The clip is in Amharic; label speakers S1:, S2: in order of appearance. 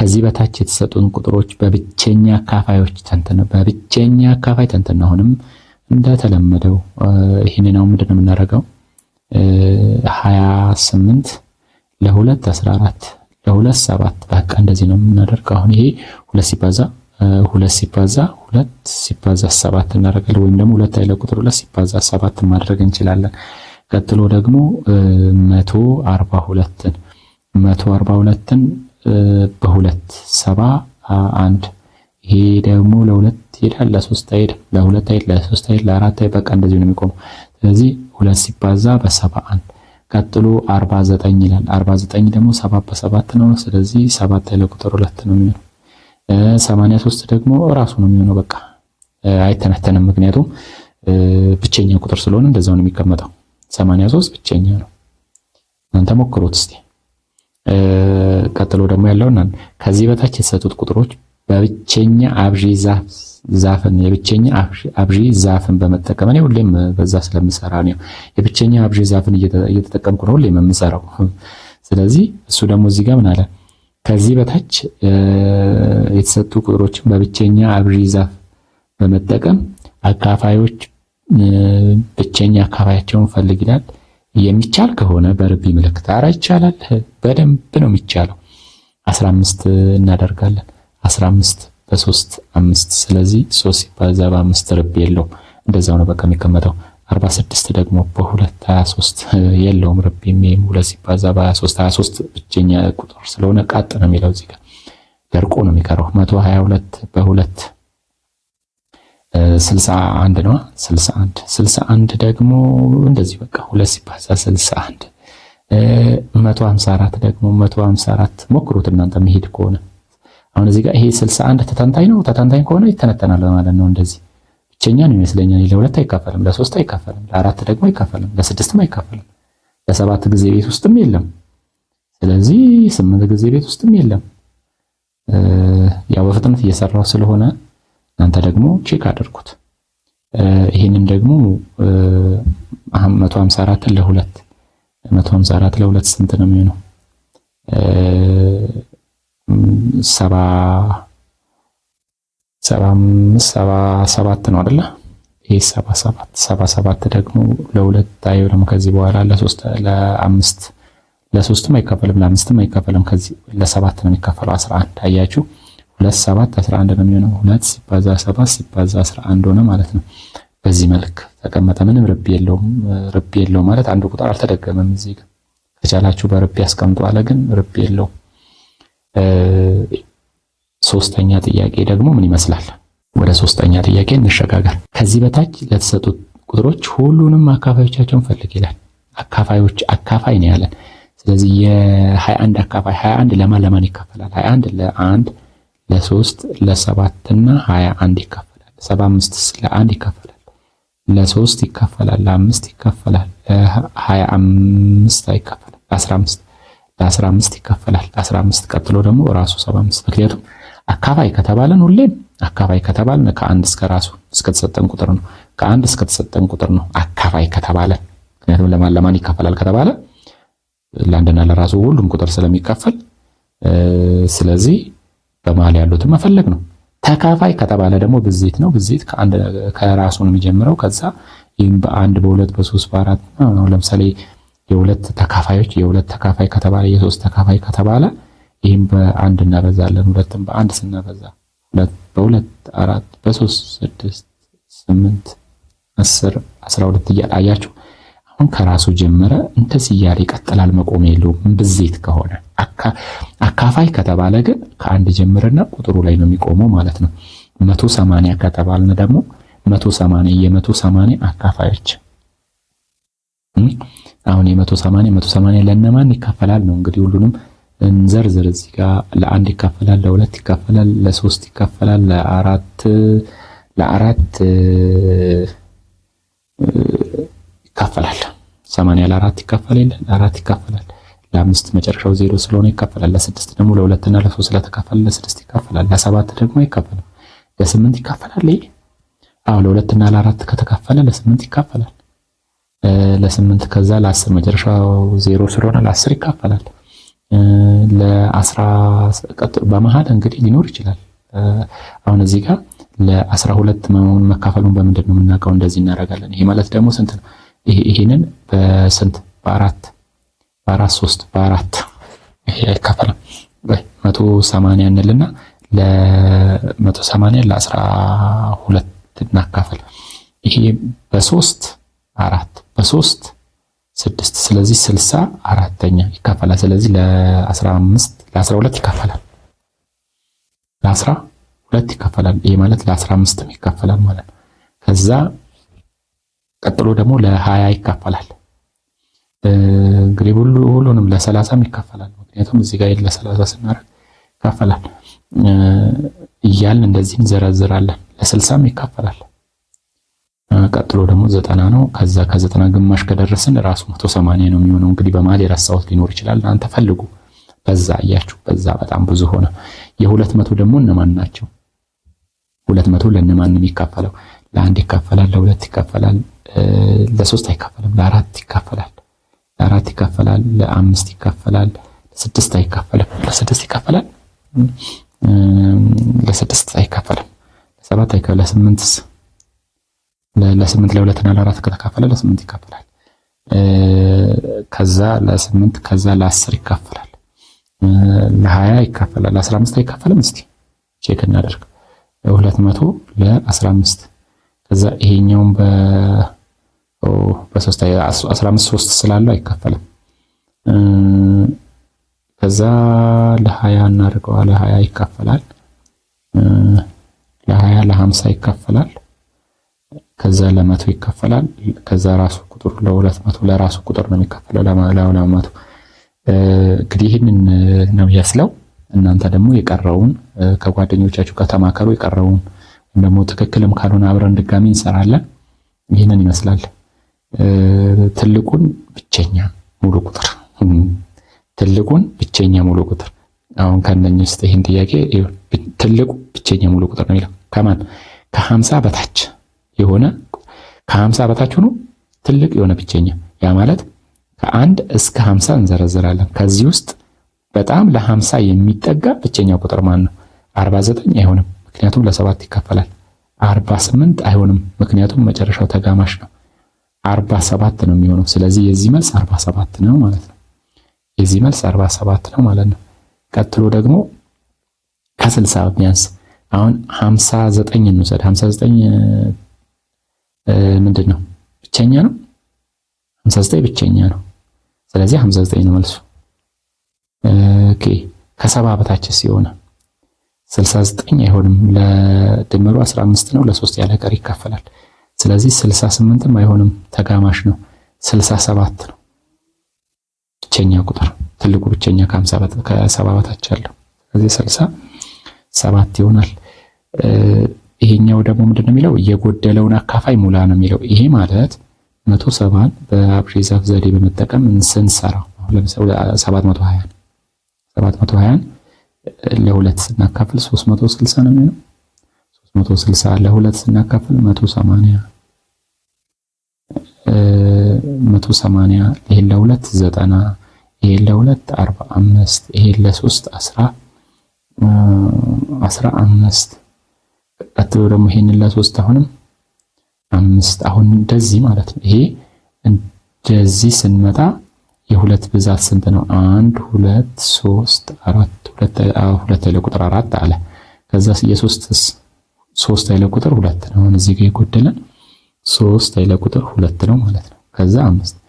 S1: ከዚህ በታች የተሰጡን ቁጥሮች በብቸኛ አካፋዮች ተንትነው በብቸኛ አካፋይ ተንትነው አሁንም እንደተለመደው ይህንን አሁን ምንድን ነው የምናደርገው? ሀያ ስምንት ለሁለት አስራ ለ ለሁለት በቃ እንደዚህ ነው የምናደርገው። አሁን ይሄ 2 ሲባዛ 2 ሲባዛ 2 ሲባዛ 7 እናደርጋለን ወይም ደግሞ 2 አይለ ቁጥር ሁለት ሲባዛ 7 ማድረግ እንችላለን። ቀጥሎ ደግሞ 142 በሁለት ሰባ አንድ ይሄ ደግሞ ለሁለት ይሄዳል፣ ለሶስት አይድ ለሁለት አይሄድ፣ ለሶስት አይሄድ፣ ለአራት አይሄድ። በቃ እንደዚህ ነው የሚቆመው። ስለዚህ ሁለት ሲባዛ በሰባ አንድ ቀጥሎ 49 ይላል። 49 ደግሞ ሰባት በሰባት ነው። ስለዚህ ሰባት ለቁጥር ሁለት ነው የሚሆነው። 83 ሶስት ደግሞ ራሱ ነው የሚሆነው። በቃ አይተነተንም፣ ምክንያቱም ብቸኛ ቁጥር ስለሆነ እንደዛው ነው የሚቀመጠው። 83 ሶስት ብቸኛ ነው። እናንተ ሞክሩት እስቲ። ቀጥሎ ደግሞ ያለውና ከዚህ በታች የተሰጡት ቁጥሮች በብቸኛ አብዢ ዛፍን የብቸኛ አብዢ ዛፍን በመጠቀም እኔ ሁሌም በዛ ስለምሰራ ነው። የብቸኛ አብዢ ዛፍን እየተጠቀምኩ ነው ሁሌም የምሰራው። ስለዚህ እሱ ደግሞ እዚህ ጋር ምን አለ? ከዚህ በታች የተሰጡ ቁጥሮችን በብቸኛ አብዢ ዛፍ በመጠቀም አካፋዮች ብቸኛ አካፋያቸውን ፈልግ ይላል። የሚቻል ከሆነ በርቢ ምልክት አራ ይቻላል። በደንብ ነው የሚቻለው። 15 እናደርጋለን። 15 በ3 5 ስለዚህ 3 ሲባዛ በአምስት ርቢ የለውም። እንደዛው ነው በቃ የሚቀመጠው። 46 ደግሞ በ2 23 የለውም ርቢ የሚም ሁለት ሲባዛ በ23 23 ብቸኛ ቁጥር ስለሆነ ቃጥ ነው የሚለው እዚህ ጋር ደርቆ ነው የሚቀረው። 122 በ2 ስልሳ አንድ ነው። ስልሳ አንድ ስልሳ አንድ ደግሞ እንደዚህ በቃ ሁለት ሲባዛ ስልሳ አንድ መቶ ሀምሳ አራት ደግሞ መቶ ሀምሳ አራት ሞክሩት እናንተ መሄድ ከሆነ አሁን እዚህ ጋር ይሄ ስልሳ አንድ ተተንታኝ ነው። ተተንታኝ ከሆነ ይተነተናል ማለት ነው። እንደዚህ ብቸኛ ነው ይመስለኛል። ለሁለት አይካፈልም፣ ለሶስት አይካፈልም፣ ለአራት ደግሞ አይካፈልም፣ ለስድስትም አይካፈልም፣ ለሰባት ጊዜ ቤት ውስጥም የለም። ስለዚህ ስምንት ጊዜ ቤት ውስጥም የለም። ያው በፍጥነት እየሰራው ስለሆነ እናንተ ደግሞ ቼክ አድርጉት። ይህንን ደግሞ 154 ለሁለት 154 ለ2 ስንት ነው የሚሆነው? ሰባ ሰባ አምስት ነው አይደለ? ይሄ ሰባ ሰባት ደግሞ ለሁለት አይሆንም። ከዚህ በኋላ ለሶስት ለአምስት ለሶስትም አይከፈልም፣ ለአምስትም አይከፈልም። ከዚህ ለሰባት ነው የሚከፈለው 11 አያችሁ። ሁለት ሰባት አስራ አንድ ነው የሚሆነው። ሁለት ሲባዛ ሰባት ሲባዛ አስራ አንድ ሆነ ማለት ነው። በዚህ መልክ ተቀመጠ። ምንም ርብ የለውም። ርብ የለው ማለት አንዱ ቁጥር አልተደገመም። እዚህ ጋር ከቻላችሁ በርብ ያስቀምጡ አለ፣ ግን ርብ የለው። ሶስተኛ ጥያቄ ደግሞ ምን ይመስላል? ወደ ሶስተኛ ጥያቄ እንሸጋገር። ከዚህ በታች ለተሰጡት ቁጥሮች ሁሉንም አካፋዮቻቸውን ፈልግ ይላል። አካፋዮች አካፋይ ነው ያለን። ስለዚህ የ21 አካፋይ 21 ለማን ለማን ይካፈላል? 21 ለአንድ ለሶስት ለሰባትና እና ሀያ አንድ ይካፈላል። ሰባ አምስት ለአንድ ይካፈላል። ለሶስት ይከፈላል ለአምስት ይካፈላል። ለሀያ አምስት አይካፈላል። ለአስራ አምስት ለአስራ አምስት ይካፈላል። ለአስራ አምስት ቀጥሎ ደግሞ ራሱ ሰባ አምስት ምክንያቱም አካፋይ ከተባለን ሁሌም አካፋይ ከተባልን ከአንድ እስከ ራሱ እስከተሰጠን ቁጥር ነው። ከአንድ እስከተሰጠን ቁጥር ነው አካፋይ ከተባለን። ምክንያቱም ለማን ለማን ይካፈላል ከተባለ ለአንድና ለራሱ ሁሉም ቁጥር ስለሚከፈል ስለዚህ በመሀል ያሉትን መፈለግ ነው። ተካፋይ ከተባለ ደግሞ ብዜት ነው። ብዜት ከራሱ ነው የሚጀምረው። ከዛ ይህም በአንድ በሁለት በሶስት በአራት ነው። ለምሳሌ የሁለት ተካፋዮች የሁለት ተካፋይ ከተባለ የሶስት ተካፋይ ከተባለ ይህም በአንድ እናበዛለን። ሁለትም በአንድ ስናበዛ ሁለት በሁለት አራት በሶስት ስድስት ስምንት አስር አስራ ሁለት እያል አያችሁ አሁን ከራሱ ጀመረ እንደዚህ እያለ ይቀጥላል። መቆም የለውም። ብዜት ከሆነ አካፋይ ከተባለ ግን ከአንድ ጀምርና ቁጥሩ ላይ ነው የሚቆመው ማለት ነው። መቶ ሰማንያ ከተባልን ደግሞ መቶ ሰማንያ የመቶ ሰማንያ አካፋዮች አሁን የመቶ ሰማንያ መቶ ሰማንያ ለእነማን ይካፈላል ነው እንግዲህ ሁሉንም እንዘርዝር እዚህ ጋር ለአንድ ይካፈላል፣ ለሁለት ይከፈላል ለሶስት ይከፈላል ለአራት ለአራት ይካፈላል። ሰማንያ ለአራት ይካፈላል ለ ለአራት ይካፈላል። ለአምስት መጨረሻው ዜሮ ስለሆነ ይካፈላል። ለስድስት ደግሞ ለሁለትና ለሶስት ስለተካፈለ ለስድስት ይካፈላል። ለሰባት ደግሞ አይካፈልም። ለስምንት ይካፈላል። ይሄ ለሁለት ለሁለትና ለአራት ከተካፈለ ለስምንት ይካፈላል። ለስምንት ከዛ ለአስር መጨረሻው ዜሮ ስለሆነ ለአስር ይካፈላል። ለአስራ በመሀል እንግዲህ ሊኖር ይችላል። አሁን እዚህ ጋር ለአስራ ሁለት መሆኑን መካፈሉን በምንድን ነው የምናውቀው? እንደዚህ እናደርጋለን። ይሄ ማለት ደግሞ ስንት ነው? ይሄንን በስንት በአራት በአራት ሶስት በአራት ይሄ አይካፈልም። ወይ 180 እንልና ለ180 ለ12 እናካፈል። ይሄ በሶስት አራት በሶስት ስድስት ስለዚህ ስልሳ አራተኛ ይካፈላል። ስለዚህ ለ15 ለ ሁለት ይካፈላል ለ12 ይካፈላል። ይሄ ማለት ለአስራ አምስትም ይካፈላል ማለት ከዛ ቀጥሎ ደግሞ ለሀያ ይካፈላል። እንግዲህ ሁሉንም ለሰላሳም ይካፈላል። ምክንያቱም እዚህ ጋር ለሰላሳ ስናደርግ ይካፈላል እያልን እንደዚህ እንዘረዝራለን። ለስልሳም ይካፈላል። ቀጥሎ ደግሞ ዘጠና ነው። ከዛ ከዘጠና ግማሽ ከደረስን ራሱ መቶ ሰማንያ ነው የሚሆነው። እንግዲህ በመሀል የረሳሁት ሊኖር ይችላል። እናንተ ፈልጉ። በዛ እያችሁ በዛ በጣም ብዙ ሆነ። የሁለት መቶ ደግሞ እነማን ናቸው? ሁለት መቶ ለእነማን ነው የሚካፈለው? ለአንድ ይካፈላል፣ ለሁለት ይካፈላል ለሶስት አይካፈልም፣ ለአራት ይካፈላል። ለአራት ይካፈላል፣ ለአምስት ይካፈላል፣ ለስድስት አይካፈልም። ለስድስት ይካፈላል፣ ለስድስት አይካፈልም፣ ለሰባት አይካፈልም። ለስምንትስ ለስምንት ለሁለትና ለአራት ከተካፈለ ለስምንት ይካፈላል። ከዛ ለስምንት ከዛ ለአስር ይካፈላል። ለሀያ ይካፈላል። ለአስራ አምስት አይካፈልም። እስቲ ቼክ እናደርግ። ሁለት መቶ ለአስራ አምስት ከዛ ይሄኛውን በ በሶስት አስራ አምስት ሶስት ስላለው አይከፈልም። ከዛ ለሀያ እናድርገዋ ለሀያ ይከፈላል። ለሀያ ለሀምሳ ይከፈላል። ከዛ ለመቶ ይከፈላል። ከዛ ራሱ ቁጥር ለሁለት መቶ ለራሱ ቁጥር ነው የሚከፈለው ለመቶ። እንግዲህ ይህንን ነው ያስለው። እናንተ ደግሞ የቀረውን ከጓደኞቻችሁ ጋር ተማከሩ። የቀረውን ወይም ደግሞ ትክክልም ካልሆነ አብረን ድጋሚ እንሰራለን። ይህንን ይመስላል። ትልቁን ብቸኛ ሙሉ ቁጥር ትልቁን ብቸኛ ሙሉ ቁጥር አሁን ከነኝ ውስጥ ይህን ጥያቄ ትልቁ ብቸኛ ሙሉ ቁጥር ነው የሚለው ከማን ከሀምሳ በታች የሆነ ከሀምሳ በታች ሆኖ ትልቅ የሆነ ብቸኛ ያ ማለት ከአንድ እስከ ሀምሳ እንዘረዝራለን። ከዚህ ውስጥ በጣም ለሀምሳ የሚጠጋ ብቸኛ ቁጥር ማን ነው? አርባ ዘጠኝ አይሆንም፣ ምክንያቱም ለሰባት ይካፈላል። አርባ ስምንት አይሆንም፣ ምክንያቱም መጨረሻው ተጋማሽ ነው። አርባ ሰባት ነው የሚሆነው። ስለዚህ የዚህ መልስ አርባ ሰባት ነው ማለት ነው። የዚህ መልስ 47 ነው ማለት ነው። ቀጥሎ ደግሞ ከስልሳ ቢያንስ አሁን 59 ዘጠኝ እንውሰድ። 59 ምንድን ነው ብቸኛ ነው። 59 ብቸኛ ነው። ስለዚህ 59 ነው መልሱ። ኦኬ ከሰባ በታች ሲሆነ ስልሳ አይሆንም። ለድምሩ 15 ነው። ለሶስት ያለ ቀር ይካፈላል። ስለዚህ ስልሳ ስምንትም አይሆንም ተጋማሽ ነው። 67 ነው ብቸኛ ቁጥር ትልቁ ብቸኛ ከሰባ በታች ያለው ስለዚህ ስልሳ ይሆናል። ይሄኛው ደግሞ ምንድን ነው የሚለው የጎደለውን አካፋይ ሙላ ነው የሚለው። ይሄ ማለት መቶ ሰባን ዘዴ በመጠቀም ስንሰራው ለምሳሌ 720 መቶ ለሁለት ስናካፍል 360 ነው የሚሆነው መቶ ስልሳ ለሁለት ስናካፍል 180 ሰማንያ መቶ ለሁለት ዘጠና ይሄ ለሁለት 45 ይሄ ለሶስት አስራ አስራ አምስት ቀጥሎ ደግሞ ይሄንን ለሶስት አሁንም አምስት አሁን እንደዚህ ማለት ነው። ይሄ እንደዚህ ስንመጣ የሁለት ብዛት ስንት ነው? አንድ ሁለት ሶስት አራት ሁለት ሁለት ቁጥር አራት አለ። ከዛ የሶስትስ ሶስት ኃይለ ቁጥር ሁለት ነው። አሁን እዚህ ጋር የጎደለን ሶስት ኃይለ ቁጥር ሁለት ነው ማለት ነው። ከዛ አምስት